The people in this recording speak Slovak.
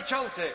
przewodniczący!